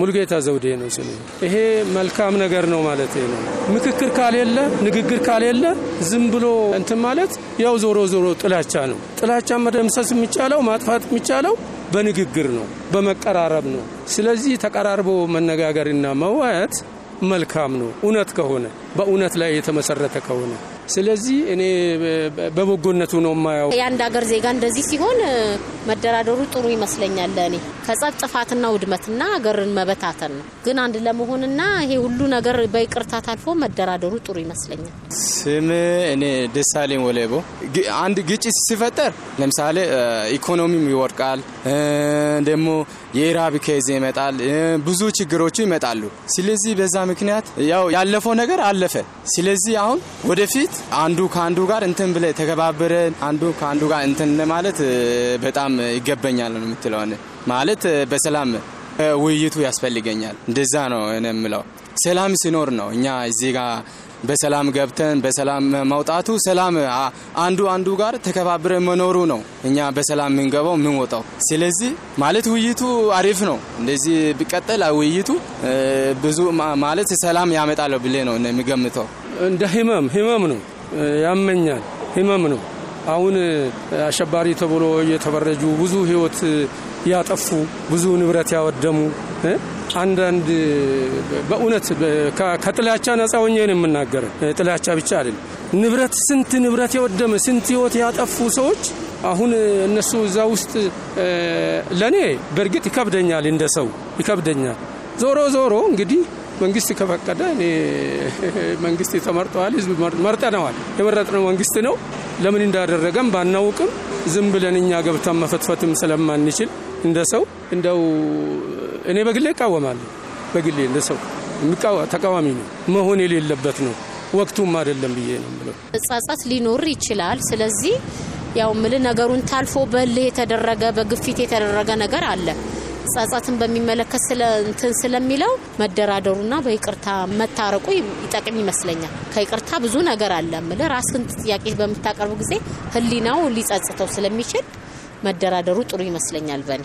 ሙልጌታ ዘውዴ ነው ስሜ። ይሄ መልካም ነገር ነው ማለት ነው። ምክክር ካሌለ፣ ንግግር ካሌለ ዝም ብሎ እንትን ማለት ያው ዞሮ ዞሮ ጥላቻ ነው። ጥላቻ መደምሰስ የሚቻለው ማጥፋት የሚቻለው በንግግር ነው፣ በመቀራረብ ነው። ስለዚህ ተቀራርቦ መነጋገርና መዋየት መልካም ነው፣ እውነት ከሆነ በእውነት ላይ የተመሰረተ ከሆነ ስለዚህ እኔ በበጎነቱ ነው የማየው። የአንድ ሀገር ዜጋ እንደዚህ ሲሆን መደራደሩ ጥሩ ይመስለኛል። ለእኔ ከጸብ ጥፋትና ውድመትና ሀገርን መበታተን ነው። ግን አንድ ለመሆንና ይሄ ሁሉ ነገር በይቅርታ ታልፎ መደራደሩ ጥሩ ይመስለኛል። ስም እኔ ደሳሌን ወለቦ። አንድ ግጭት ሲፈጠር ለምሳሌ ኢኮኖሚም ይወድቃል፣ ደግሞ የኢራብ ኬዝ ይመጣል፣ ብዙ ችግሮቹ ይመጣሉ። ስለዚህ በዛ ምክንያት ያው ያለፈው ነገር አለፈ። ስለዚህ አሁን ወደፊት አንዱ ከአንዱ ጋር እንትን ብለ ተከባበረ አንዱ ከአንዱ ጋር እንትን ለማለት በጣም ይገበኛል ነው የምትለውን ማለት በሰላም ውይይቱ ያስፈልገኛል። እንደዛ ነው የምለው። ሰላም ሲኖር ነው እኛ እዚህ ጋር በሰላም ገብተን በሰላም መውጣቱ ሰላም አንዱ አንዱ ጋር ተከባብረ መኖሩ ነው እኛ በሰላም የምንገባው የምንወጣው። ስለዚህ ማለት ውይይቱ አሪፍ ነው። እንደዚህ ቢቀጠል ውይይቱ ብዙ ማለት ሰላም ያመጣለሁ ብሌ ነው የሚገምተው። እንደ ህመም ህመም ነው ያመኛል፣ ህመም ነው። አሁን አሸባሪ ተብሎ የተፈረጁ ብዙ ህይወት ያጠፉ ብዙ ንብረት ያወደሙ አንዳንድ በእውነት ከጥላቻ ነጻ ሆኜ ነው የምናገረው። ጥላቻ ብቻ አይደለም። ንብረት ስንት ንብረት የወደመ ስንት ህይወት ያጠፉ ሰዎች አሁን እነሱ እዛ ውስጥ ለእኔ በእርግጥ ይከብደኛል፣ እንደ ሰው ይከብደኛል። ዞሮ ዞሮ እንግዲህ መንግስት ከፈቀደ መንግስት ተመርጠዋል፣ ህዝብ መርጠነዋል። የመረጥነው መንግስት ነው። ለምን እንዳደረገም ባናውቅም ዝም ብለን እኛ ገብተን መፈትፈትም ስለማንችል እንደ ሰው እንደው እኔ በግሌ እቃወማለሁ። በግሌ እንደ ሰው ተቃዋሚ ነው፣ መሆን የሌለበት ነው፣ ወቅቱም አይደለም ብዬ ነው የምለው። እጻጻት ሊኖር ይችላል። ስለዚህ ያው ምል ነገሩን ታልፎ በልህ የተደረገ በግፊት የተደረገ ነገር አለ ጸጸትን በሚመለከት ስለ እንትን ስለሚለው መደራደሩና በይቅርታ መታረቁ ይጠቅም ይመስለኛል። ከይቅርታ ብዙ ነገር አለ እምልህ ራስን ጥያቄ በምታቀርቡ ጊዜ ህሊናው ሊጸጽተው ስለሚችል መደራደሩ ጥሩ ይመስለኛል በእኔ